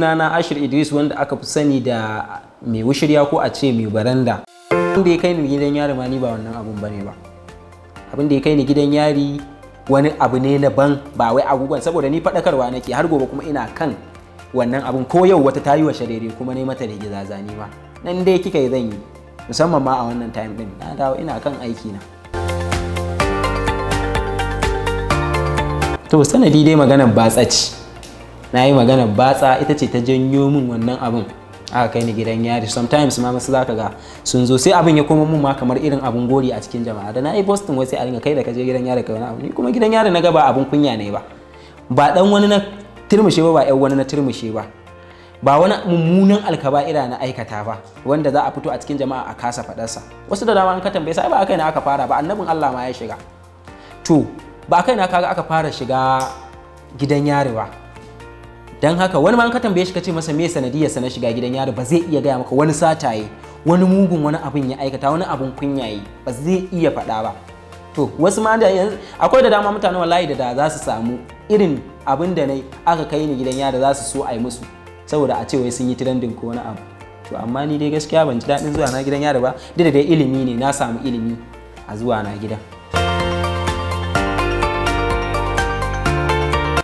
sunana ashir idris wanda aka fi sani da mai wushirya ko a ce mai baranda wanda ya kai ni gidan yari ma ni ba wannan abun bane ba abin da ya kai ni gidan yari wani abu ne na ban ba wai abubuwan saboda ni faɗakarwa nake har gobe kuma ina kan wannan abun ko yau wata tayi wa sharere kuma ne mata da gizazani ma nan dai kika yi zan yi musamman ma a wannan time din na dawo ina kan aiki na to sanadi dai maganar batsaci na yi magana batsa ita ce ta janyo min wannan abin aka kai ni gidan yari sometimes ma masu zaka ga sun zo sai abin ya koma mun ma kamar irin abin gori a cikin jama'a da na yi boston wai sai a ringa kai da kaje gidan yari kai wani abu ni kuma gidan yari na ga ba abun kunya ne ba ba dan wani na turmushe ba ba yan wani na turmushe ba ba wani mummunan alkaba'ira na aikata ba wanda za a fito a cikin jama'a a kasa faɗarsa wasu da dama an ka tambaye sai ba kai na aka fara ba annabin Allah ma ya shiga to ba kai na kaga aka fara shiga gidan yari ba Don haka wani ma ka tambaye shi ka ce masa me sanadiyar sa na shiga gidan yari ba zai iya gaya maka wani sataye wani mugun wani abin ya aikata wani abin kunya yi ba zai iya faɗa ba to wasu ma da akwai da dama mutane wallahi da da za su samu irin abin da nayi aka kai ni gidan yari za su so ai musu saboda a ce wai sun yi trending ko wani abu to amma ni dai gaskiya ban ji daɗin zuwa na gidan yari ba duk da dai ilimi ne na samu ilimi a zuwa na gidan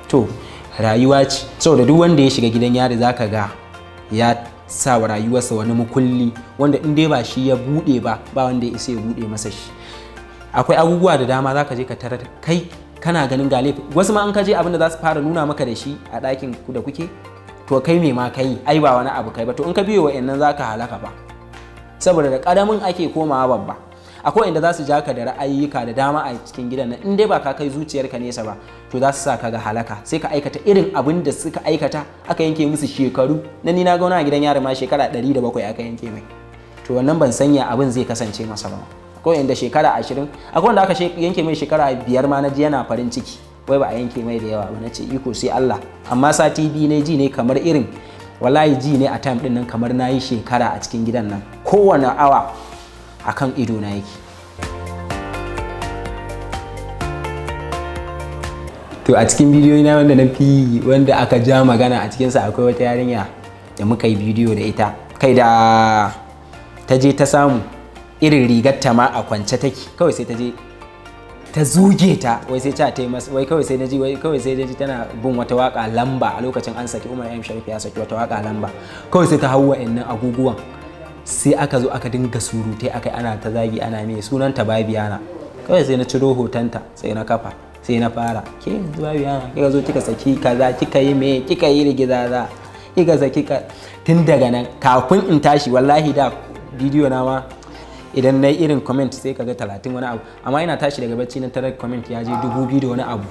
to rayuwa ce saboda duk wanda ya shiga gidan yari zaka ga ya sa wa rayuwarsa wani mukulli wanda in dai ba shi ya bude ba ba wanda ya isa ya bude masa shi akwai abubuwa da dama zaka je ka tarar kai kana ganin ga wasu ma an ka je abin da za su fara nuna maka da shi a ɗakin ku da kuke to kai me ma kai ai ba wani abu kai ba to in ka biyo wa'annan zaka halaka ba saboda da ƙaramin ake komawa babba akwai inda za su ja ka da ra'ayyuka da dama a cikin gidan nan in dai ba ka kai ka nesa ba to za su sa ka ga halaka sai ka aikata irin abin da suka aikata aka yanke musu shekaru na ni na ga wani gidan yari ma shekara 107 aka yanke mai to wannan ban sanya abin zai kasance masa ba akwai inda shekara 20 akwai wanda aka yanke mai shekara biyar ma na ji yana farin ciki wai ba a yanke mai da yawa ba na ce iko sai Allah amma sati biyu ne ji ne kamar irin wallahi ji ne a time din nan kamar na yi shekara a cikin gidan nan kowane awa akan ido na yake to a cikin bidiyoyi na wanda na fi wanda aka ja magana a cikinsa akwai wata yarinya da muka yi bidiyo da ita kai da ta je ta samu irin rigar ta ma a kwance take kawai sai ta je ta zuge ta wai sai ta ta masa wai kawai sai naji wai kawai sai naji tana bin wata waka lamba a lokacin an saki Umar M Sharif ya saki wata waka lamba kawai sai ta hau wa'annan aguguwan sai aka zo aka dinga surute aka ana ta zagi ana sunan sunanta babiyana kawai sai na ciro hotonta sai na kafa sai na fara ke yanzu babiyana kika zo kika saki kaza kika yi me kika yi za kika saki ka tun daga nan kafin in tashi wallahi da bidiyo na ma idan na yi irin comment sai kaga talatin wani abu amma ina tashi daga bacci na tarar comment ya je dubu biyu da wani abu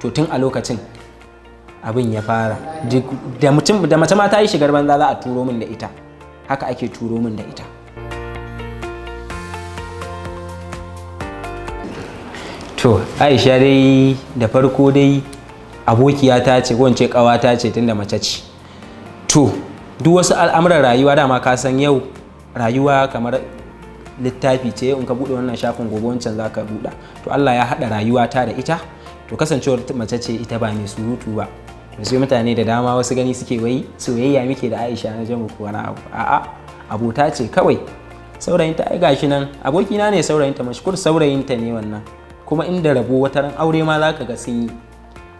to tun a lokacin abin ya fara da mutum da mace ma ta yi shigar banza za a turo min da ita haka ake turo min da ita to aisha dai da farko dai abokiya ta ce ko ce ta ce tunda mace ce to duk wasu al'amuran rayuwa dama ka san yau rayuwa kamar littafi ce in ka buɗe wannan shafin gobe wancan za ka buɗa to Allah ya haɗa rayuwa ta da ita to kasancewar mace ce ita ba mai surutu ba yanzu mutane da dama wasu gani suke wai soyayya muke da aisha na jan ko wani abu a'a abota ce kawai saurayinta ai gashi nan abokina ne saurayinta mashkur saurayinta ne wannan kuma inda rabo wata ran aure ma zaka ga sun yi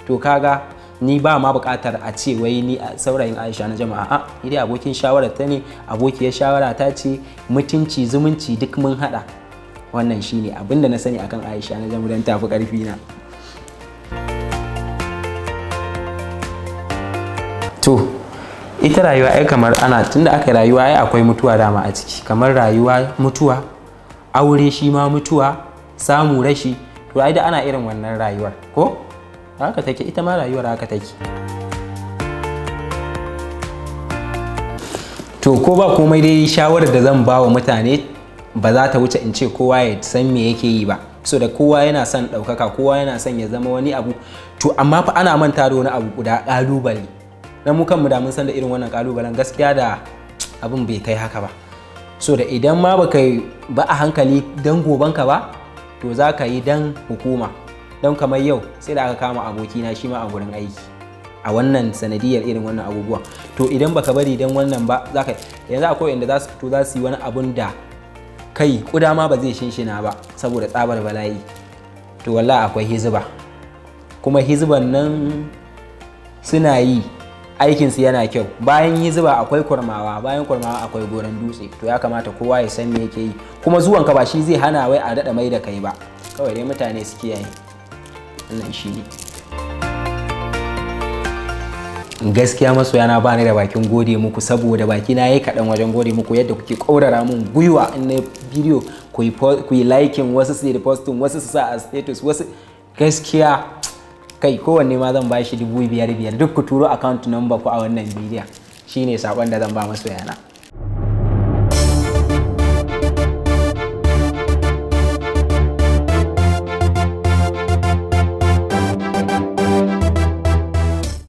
to kaga ni ba ma buƙatar a ce wai ni a saurayin aisha na jama'a a ni dai abokin shawara ta ne abokiyar shawara ta ce mutunci zumunci duk mun haɗa wannan shine abinda na sani akan aisha na jama'a dan tafi karfi na to ita rayuwa ai kamar ana tunda aka rayuwa ai akwai mutuwa dama a ciki kamar rayuwa mutuwa aure shi ma mutuwa samu rashi to ai da ana irin wannan rayuwar ko haka take ita ma rayuwar haka take to ko ba komai dai shawarar da zan ba wa mutane ba za ta wuce in ce kowa ya san me yake yi ba so da kowa yana son ɗaukaka kowa yana son ya zama wani abu to amma fa ana manta da wani abu guda ƙalubale dan mu kanmu da mun san da irin wannan kalubalen gaskiya da abin bai kai haka ba so da idan ma baka ba a hankali dan gobanka ba to za ka yi dan hukuma don kamar yau sai da aka kama abokina shi ma a gurin aiki a wannan sanadiyar irin wannan abubuwan to idan baka bari dan wannan ba za ka yanzu akwai inda za su fito za su yi wani abun da kai kuda ma ba zai shinshina ba saboda tsabar bala'i to wallahi akwai hiziba kuma hizuban nan suna yi aikinsu yana kyau bayan yi zuba akwai kurmawa bayan kurmawa akwai goran dutse to ya kamata kowa ya san me yake yi kuma zuwan ka ba shi zai hana wai a daɗa mai da kai ba kawai dai mutane su kiyaye wannan shi ne gaskiya masoya na bani da bakin gode muku saboda baki na yayi kaɗan wajen gode muku yadda kuke ƙaurara mun gwiwa in na bidiyo ku yi liking wasu su yi wasu su sa a status wasu gaskiya kai kowanne ma zan bashi dubu biyar biyar duk ku turo account number ku a wannan bidiyon shine sakon da zan ba yana.